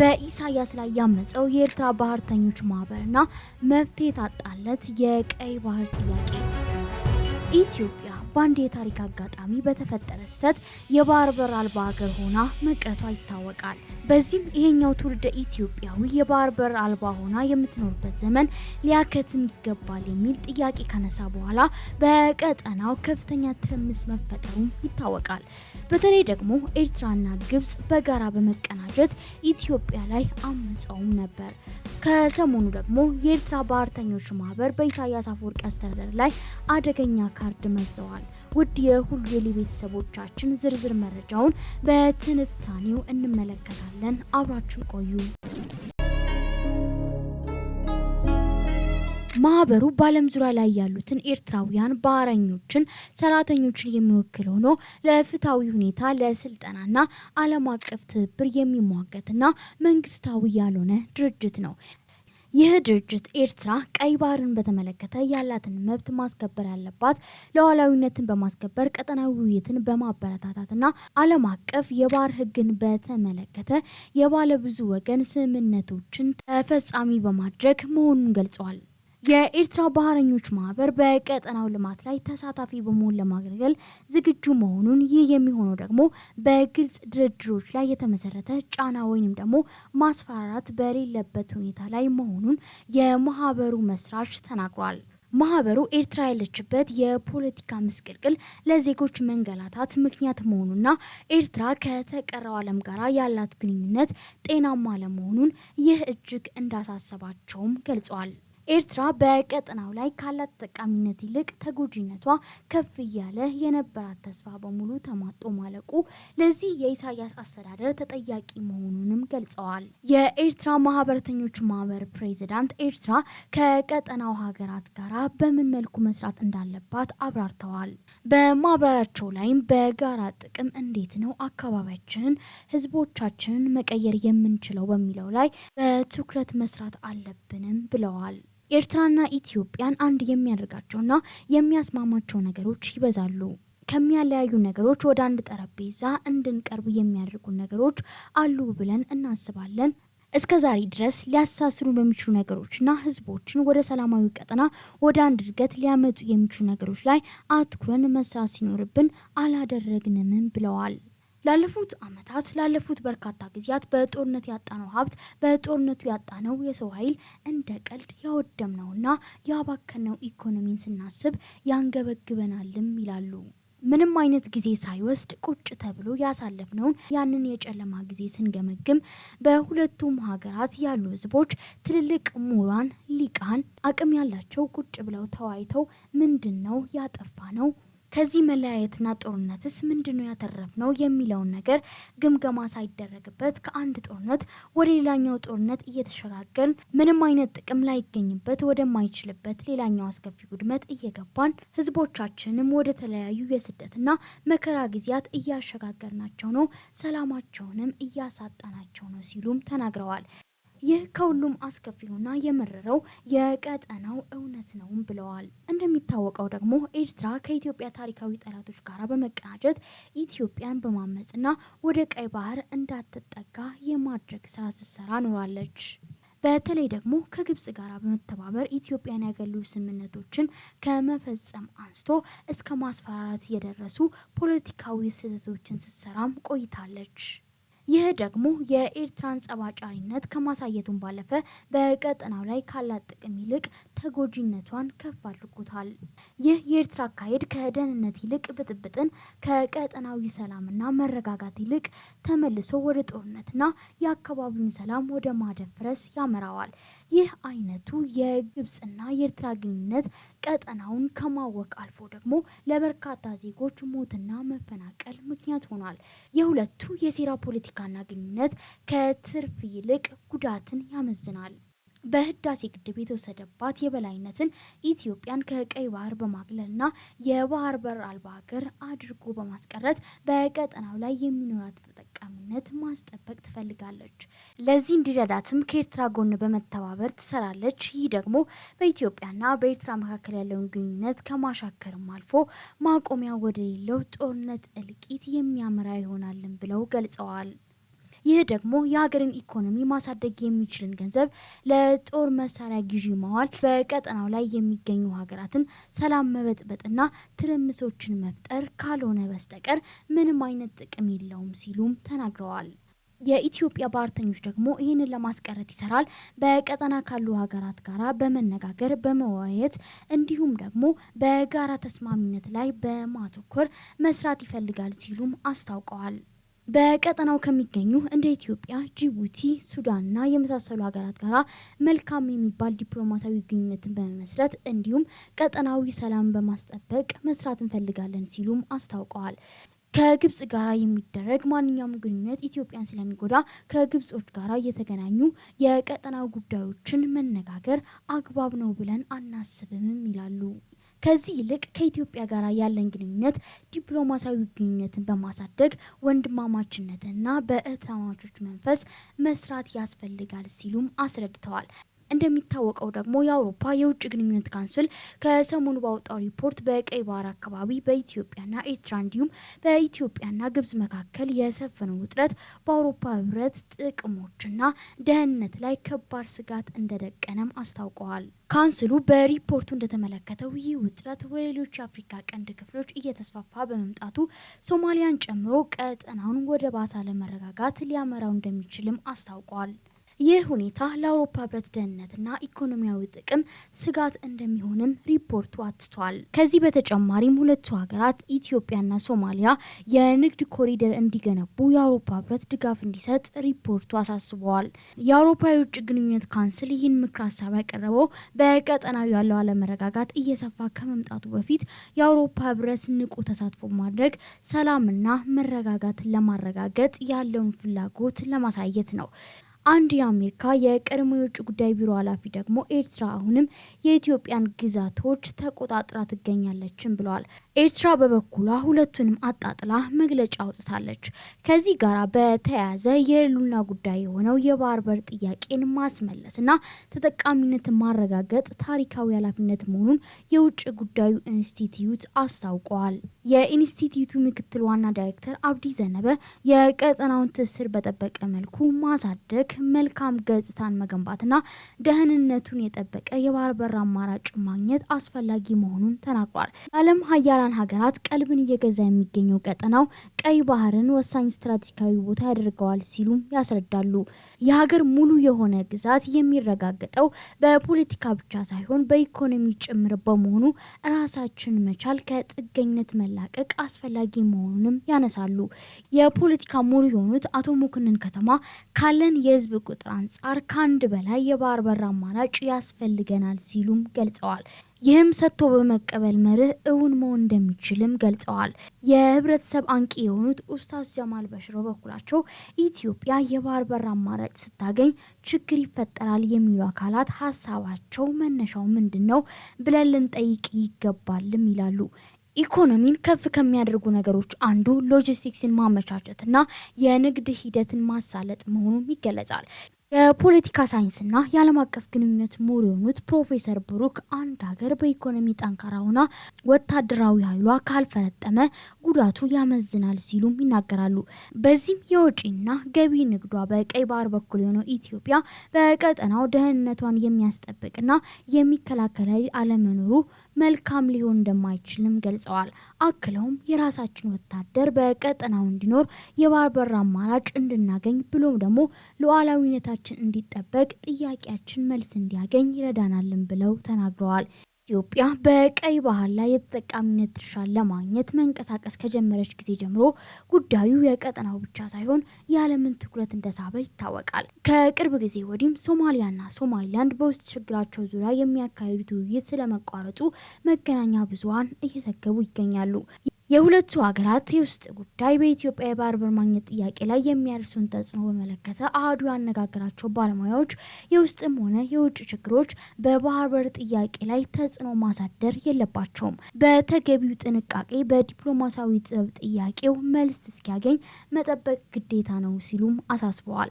በኢሳያስ ላይ ያመፀው የኤርትራ ባህርተኞች ማህበርና መፍትሄ ታጣለት የቀይ ባህር ጥያቄ ኢትዮጵያ በአንድ የታሪክ አጋጣሚ በተፈጠረ ስህተት የባህር በር አልባ ሀገር ሆና መቅረቷ ይታወቃል። በዚህም ይሄኛው ትውልደ ኢትዮጵያዊ የባህር በር አልባ ሆና የምትኖርበት ዘመን ሊያከትም ይገባል የሚል ጥያቄ ከነሳ በኋላ በቀጠናው ከፍተኛ ትርምስ መፈጠሩም ይታወቃል። በተለይ ደግሞ ኤርትራና ግብጽ በጋራ በመቀናጀት ኢትዮጵያ ላይ አምፀውም ነበር። ከሰሞኑ ደግሞ የኤርትራ ባህርተኞች ማህበር በኢሳያስ አፈወርቂ አስተዳደር ላይ አደገኛ ካርድ መዘዋል። ይገኛል። ውድ የሁሉ ዴይሊ ቤተሰቦቻችን ዝርዝር መረጃውን በትንታኔው እንመለከታለን። አብራችን ቆዩ። ማህበሩ በዓለም ዙሪያ ላይ ያሉትን ኤርትራውያን ባህረኞችን፣ ሰራተኞችን የሚወክል ሆኖ ለፍትሐዊ ሁኔታ ለስልጠናና ዓለም አቀፍ ትብብር የሚሟገትና መንግስታዊ ያልሆነ ድርጅት ነው። ይህ ድርጅት ኤርትራ ቀይ ባህርን በተመለከተ ያላትን መብት ማስከበር ያለባት ሉዓላዊነትን በማስከበር ቀጠናዊ ውይይትን በማበረታታትና ዓለም አቀፍ የባህር ሕግን በተመለከተ የባለብዙ ወገን ስምምነቶችን ተፈጻሚ በማድረግ መሆኑን ገልጸዋል። የኤርትራ ባህረኞች ማህበር በቀጠናው ልማት ላይ ተሳታፊ በመሆን ለማገልገል ዝግጁ መሆኑን ይህ የሚሆነው ደግሞ በግልጽ ድርድሮች ላይ የተመሰረተ ጫና ወይንም ደግሞ ማስፈራራት በሌለበት ሁኔታ ላይ መሆኑን የማህበሩ መስራች ተናግሯል። ማህበሩ ኤርትራ ያለችበት የፖለቲካ ምስቅልቅል ለዜጎች መንገላታት ምክንያት መሆኑና ኤርትራ ከተቀረው ዓለም ጋር ያላት ግንኙነት ጤናማ አለመሆኑን ይህ እጅግ እንዳሳሰባቸውም ገልጸዋል። ኤርትራ በቀጠናው ላይ ካላት ተጠቃሚነት ይልቅ ተጎጂነቷ ከፍ እያለ የነበራት ተስፋ በሙሉ ተሟጦ ማለቁ ለዚህ የኢሳያስ አስተዳደር ተጠያቂ መሆኑንም ገልጸዋል። የኤርትራ ማህበረተኞች ማህበር ፕሬዚዳንት ኤርትራ ከቀጠናው ሀገራት ጋር በምን መልኩ መስራት እንዳለባት አብራርተዋል። በማብራሪያቸው ላይም በጋራ ጥቅም እንዴት ነው አካባቢያችንን፣ ህዝቦቻችንን መቀየር የምንችለው በሚለው ላይ በትኩረት መስራት አለብንም ብለዋል። ኤርትራና ኢትዮጵያን አንድ የሚያደርጋቸውና የሚያስማማቸው ነገሮች ይበዛሉ። ከሚያለያዩ ነገሮች ወደ አንድ ጠረጴዛ እንድንቀርብ የሚያደርጉ ነገሮች አሉ ብለን እናስባለን። እስከ ዛሬ ድረስ ሊያሳስሩ በሚችሉ ነገሮችና ህዝቦችን ወደ ሰላማዊ ቀጠና ወደ አንድ እድገት ሊያመጡ የሚችሉ ነገሮች ላይ አትኩረን መስራት ሲኖርብን አላደረግንም ብለዋል። ላለፉት ዓመታት ላለፉት በርካታ ጊዜያት በጦርነት ያጣነው ሀብት በጦርነቱ ያጣነው የሰው ኃይል እንደ ቀልድ ያወደምነውና ያባከነው ኢኮኖሚን ስናስብ ያንገበግበናልም ይላሉ። ምንም አይነት ጊዜ ሳይወስድ ቁጭ ተብሎ ያሳለፍነውን ያንን የጨለማ ጊዜ ስንገመግም በሁለቱም ሀገራት ያሉ ሕዝቦች ትልልቅ ምሁራን፣ ሊቃን፣ አቅም ያላቸው ቁጭ ብለው ተወያይተው ምንድን ነው ያጠፋ ነው ከዚህ መለያየትና ጦርነትስ ምንድን ነው ያተረፍነው የሚለውን ነገር ግምገማ ሳይደረግበት ከአንድ ጦርነት ወደ ሌላኛው ጦርነት እየተሸጋገርን ምንም አይነት ጥቅም ላይገኝበት ወደማይችልበት ሌላኛው አስከፊ ጉድመት እየገባን ህዝቦቻችንም ወደ ተለያዩ የስደትና መከራ ጊዜያት እያሸጋገርናቸው ነው፣ ሰላማቸውንም እያሳጣናቸው ነው ሲሉም ተናግረዋል። ይህ ከሁሉም አስከፊውና የመረረው የቀጠናው እውነት ነውም ብለዋል። እንደሚታወቀው ደግሞ ኤርትራ ከኢትዮጵያ ታሪካዊ ጠላቶች ጋር በመቀናጀት ኢትዮጵያን በማመጽና ወደ ቀይ ባህር እንዳትጠጋ የማድረግ ስራ ስትሰራ ኖራለች። በተለይ ደግሞ ከግብጽ ጋር በመተባበር ኢትዮጵያን ያገሉ ስምምነቶችን ከመፈጸም አንስቶ እስከ ማስፈራራት የደረሱ ፖለቲካዊ ስህተቶችን ስትሰራም ቆይታለች። ይህ ደግሞ የኤርትራን ጸባጫሪነት ከማሳየቱን ባለፈ በቀጠናው ላይ ካላት ጥቅም ይልቅ ተጎጂነቷን ከፍ አድርጎታል። ይህ የኤርትራ አካሄድ ከደህንነት ይልቅ ብጥብጥን፣ ከቀጠናዊ ሰላምና መረጋጋት ይልቅ ተመልሶ ወደ ጦርነትና የአካባቢውን ሰላም ወደ ማደፍረስ ያመራዋል። ይህ አይነቱ የግብፅና የኤርትራ ግንኙነት ቀጠናውን ከማወቅ አልፎ ደግሞ ለበርካታ ዜጎች ሞትና መፈናቀል ምክንያት ሆኗል። የሁለቱ የሴራ ፖለቲካና ግንኙነት ከትርፍ ይልቅ ጉዳትን ያመዝናል። በህዳሴ ግድብ የተወሰደባት የበላይነትን ኢትዮጵያን ከቀይ ባህር በማግለልና የባህር በር አልባ ሀገር አድርጎ በማስቀረት በቀጠናው ላይ የሚኖራት ተጠቃሚነት ማስጠበቅ ትፈልጋለች። ለዚህ እንዲረዳትም ከኤርትራ ጎን በመተባበር ትሰራለች። ይህ ደግሞ በኢትዮጵያና በኤርትራ መካከል ያለውን ግንኙነት ከማሻከርም አልፎ ማቆሚያ ወደሌለው ጦርነት እልቂት የሚያመራ ይሆናልን ብለው ገልጸዋል። ይህ ደግሞ የሀገርን ኢኮኖሚ ማሳደግ የሚችልን ገንዘብ ለጦር መሳሪያ ግዢ መዋል በቀጠናው ላይ የሚገኙ ሀገራትን ሰላም መበጥበጥና ትርምሶችን መፍጠር ካልሆነ በስተቀር ምንም አይነት ጥቅም የለውም ሲሉም ተናግረዋል። የኢትዮጵያ ባህርተኞች ደግሞ ይህንን ለማስቀረት ይሰራል። በቀጠና ካሉ ሀገራት ጋራ በመነጋገር በመወያየት እንዲሁም ደግሞ በጋራ ተስማሚነት ላይ በማተኮር መስራት ይፈልጋል ሲሉም አስታውቀዋል። በቀጠናው ከሚገኙ እንደ ኢትዮጵያ፣ ጅቡቲ፣ ሱዳንና የመሳሰሉ ሀገራት ጋር መልካም የሚባል ዲፕሎማሲያዊ ግንኙነትን በመመስረት እንዲሁም ቀጠናዊ ሰላም በማስጠበቅ መስራት እንፈልጋለን ሲሉም አስታውቀዋል። ከግብጽ ጋር የሚደረግ ማንኛውም ግንኙነት ኢትዮጵያን ስለሚጎዳ ከግብጾች ጋር እየተገናኙ የቀጠናው ጉዳዮችን መነጋገር አግባብ ነው ብለን አናስብም ይላሉ። ከዚህ ይልቅ ከኢትዮጵያ ጋር ያለን ግንኙነት ዲፕሎማሲያዊ ግንኙነትን በማሳደግ ወንድማማችነትና በእህትማማቾች መንፈስ መስራት ያስፈልጋል ሲሉም አስረድተዋል። እንደሚታወቀው ደግሞ የአውሮፓ የውጭ ግንኙነት ካውንስል ከሰሞኑ ባወጣው ሪፖርት በቀይ ባህር አካባቢ በኢትዮጵያና ኤርትራ እንዲሁም በኢትዮጵያና ግብጽ መካከል የሰፈነው ውጥረት በአውሮፓ ህብረት ጥቅሞችና ደህንነት ላይ ከባድ ስጋት እንደደቀነም አስታውቀዋል። ካውንስሉ በሪፖርቱ እንደተመለከተው ይህ ውጥረት ወደ ሌሎች የአፍሪካ ቀንድ ክፍሎች እየተስፋፋ በመምጣቱ ሶማሊያን ጨምሮ ቀጠናውን ወደ ባሰ አለመረጋጋት ሊያመራው እንደሚችልም አስታውቋል። ይህ ሁኔታ ለአውሮፓ ህብረት ደህንነትና ኢኮኖሚያዊ ጥቅም ስጋት እንደሚሆንም ሪፖርቱ አትቷል። ከዚህ በተጨማሪም ሁለቱ ሀገራት ኢትዮጵያና ሶማሊያ የንግድ ኮሪደር እንዲገነቡ የአውሮፓ ህብረት ድጋፍ እንዲሰጥ ሪፖርቱ አሳስበዋል። የአውሮፓ የውጭ ግንኙነት ካውንስል ይህን ምክር ሀሳብ ያቀረበው በቀጠናው ያለው አለመረጋጋት እየሰፋ ከመምጣቱ በፊት የአውሮፓ ህብረት ንቁ ተሳትፎ ማድረግ ሰላምና መረጋጋትን ለማረጋገጥ ያለውን ፍላጎት ለማሳየት ነው። አንድ የአሜሪካ የቀድሞ የውጭ ጉዳይ ቢሮ ኃላፊ ደግሞ ኤርትራ አሁንም የኢትዮጵያን ግዛቶች ተቆጣጥራ ትገኛለችም ብለዋል። ኤርትራ በበኩሏ ሁለቱንም አጣጥላ መግለጫ አውጥታለች። ከዚህ ጋር በተያያዘ የህልውና ጉዳይ የሆነው የባህር በር ጥያቄን ማስመለስና ተጠቃሚነት ማረጋገጥ ታሪካዊ ኃላፊነት መሆኑን የውጭ ጉዳዩ ኢንስቲትዩት አስታውቀዋል። የኢንስቲትዩቱ ምክትል ዋና ዳይሬክተር አብዲ ዘነበ የቀጠናውን ትስስር በጠበቀ መልኩ ማሳደግ መልካም ገጽታን መገንባትና ደህንነቱን የጠበቀ የባህር በር አማራጭ ማግኘት አስፈላጊ መሆኑን ተናግሯል። የዓለም ሀያላን ሀገራት ቀልብን እየገዛ የሚገኘው ቀጠናው ቀይ ባህርን ወሳኝ ስትራቴጂካዊ ቦታ ያደርገዋል ሲሉም ያስረዳሉ። የሀገር ሙሉ የሆነ ግዛት የሚረጋገጠው በፖለቲካ ብቻ ሳይሆን በኢኮኖሚ ጭምር በመሆኑ ራሳችን መቻል ከጥገኝነት መላቀቅ አስፈላጊ መሆኑንም ያነሳሉ። የፖለቲካ ሙሉ የሆኑት አቶ መኮንን ከተማ ካለን የህዝብ ቁጥር አንጻር ከአንድ በላይ የባህር በር አማራጭ ያስፈልገናል ሲሉም ገልጸዋል። ይህም ሰጥቶ በመቀበል መርህ እውን መሆን እንደሚችልም ገልጸዋል። የህብረተሰብ አንቂ የሆኑት ኡስታዝ ጀማል በሽሮ በኩላቸው ኢትዮጵያ የባህር በር አማራጭ ስታገኝ ችግር ይፈጠራል የሚሉ አካላት ሀሳባቸው መነሻው ምንድን ነው ብለን ልንጠይቅ ይገባልም ይላሉ። ኢኮኖሚን ከፍ ከሚያደርጉ ነገሮች አንዱ ሎጂስቲክስን ማመቻቸትና የንግድ ሂደትን ማሳለጥ መሆኑም ይገለጻል። የፖለቲካ ሳይንስና የዓለም አቀፍ ግንኙነት ምሁር የሆኑት ፕሮፌሰር ብሩክ አንድ ሀገር በኢኮኖሚ ጠንካራ ሆና ወታደራዊ ኃይሏ ካልፈረጠመ ጉዳቱ ያመዝናል ሲሉም ይናገራሉ። በዚህም የወጪና ገቢ ንግዷ በቀይ ባህር በኩል የሆነው ኢትዮጵያ በቀጠናው ደህንነቷን የሚያስጠብቅና የሚከላከል ኃይል አለመኖሩ መልካም ሊሆን እንደማይችልም ገልጸዋል። አክለውም የራሳችን ወታደር በቀጠናው እንዲኖር የባህር በር አማራጭ እንድናገኝ ብሎም ደግሞ ሉዓላዊነታችን እንዲጠበቅ ጥያቄያችን መልስ እንዲያገኝ ይረዳናልን ብለው ተናግረዋል። ኢትዮጵያ በቀይ ባህር ላይ የተጠቃሚነት ድርሻን ለማግኘት መንቀሳቀስ ከጀመረች ጊዜ ጀምሮ ጉዳዩ የቀጠናው ብቻ ሳይሆን የዓለምን ትኩረት እንደሳበ ይታወቃል። ከቅርብ ጊዜ ወዲህም ሶማሊያና ሶማሊላንድ በውስጥ ችግራቸው ዙሪያ የሚያካሂዱት ውይይት ስለመቋረጡ መገናኛ ብዙሃን እየዘገቡ ይገኛሉ። የሁለቱ ሀገራት የውስጥ ጉዳይ በኢትዮጵያ የባህር በር ማግኘት ጥያቄ ላይ የሚያርሱን ተጽዕኖ በመለከተ አህዱ ያነጋገራቸው ባለሙያዎች የውስጥም ሆነ የውጭ ችግሮች በባህር በር ጥያቄ ላይ ተጽዕኖ ማሳደር የለባቸውም፣ በተገቢው ጥንቃቄ በዲፕሎማሲያዊ ጥበብ ጥያቄው መልስ እስኪያገኝ መጠበቅ ግዴታ ነው ሲሉም አሳስበዋል።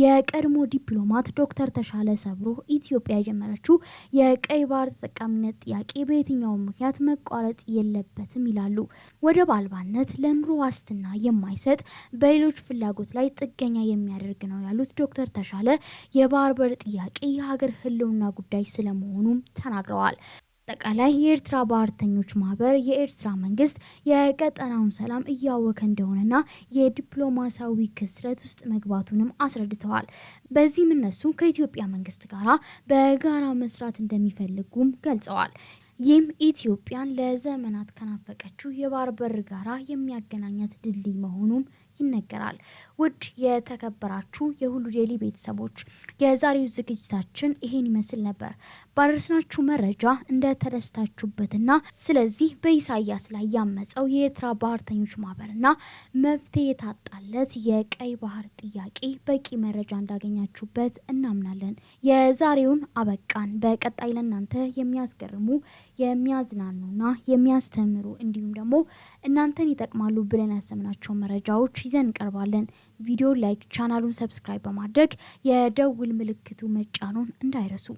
የቀድሞ ዲፕሎማት ዶክተር ተሻለ ሰብሮ ኢትዮጵያ የጀመረችው የቀይ ባህር ተጠቃሚነት ጥያቄ በየትኛውም ምክንያት መቋረጥ የለበትም ይላሉ። ወደብ አልባነት ለኑሮ ዋስትና የማይሰጥ በሌሎች ፍላጎት ላይ ጥገኛ የሚያደርግ ነው ያሉት ዶክተር ተሻለ የባህር በር ጥያቄ የሀገር ሕልውና ጉዳይ ስለመሆኑም ተናግረዋል። በአጠቃላይ የኤርትራ ባህርተኞች ማህበር የኤርትራ መንግስት የቀጠናውን ሰላም እያወከ እንደሆነና የዲፕሎማሲያዊ ክስረት ውስጥ መግባቱንም አስረድተዋል። በዚህም እነሱ ከኢትዮጵያ መንግስት ጋራ በጋራ መስራት እንደሚፈልጉም ገልጸዋል። ይህም ኢትዮጵያን ለዘመናት ከናፈቀችው የባህር በር ጋራ የሚያገናኛት ድልድይ መሆኑም ይነገራል። ውድ የተከበራችሁ የሁሉ ዴይሊ ቤተሰቦች የዛሬው ዝግጅታችን ይሄን ይመስል ነበር። ባደረስናችሁ መረጃ እንደተደስታችሁበትና ስለዚህ በኢሳያስ ላይ ያመፀው የኤርትራ ባህርተኞች ማህበርና መፍትሄ የታጣለት የቀይ ባህር ጥያቄ በቂ መረጃ እንዳገኛችሁበት እናምናለን። የዛሬውን አበቃን። በቀጣይ ለእናንተ የሚያስገርሙ የሚያዝናኑና የሚያስተምሩ እንዲሁም ደግሞ እናንተን ይጠቅማሉ ብለን ያሰምናቸው መረጃዎች ይዘን እንቀርባለን። ቪዲዮ ላይክ፣ ቻናሉን ሰብስክራይብ በማድረግ የደውል ምልክቱ መጫኑን እንዳይረሱ።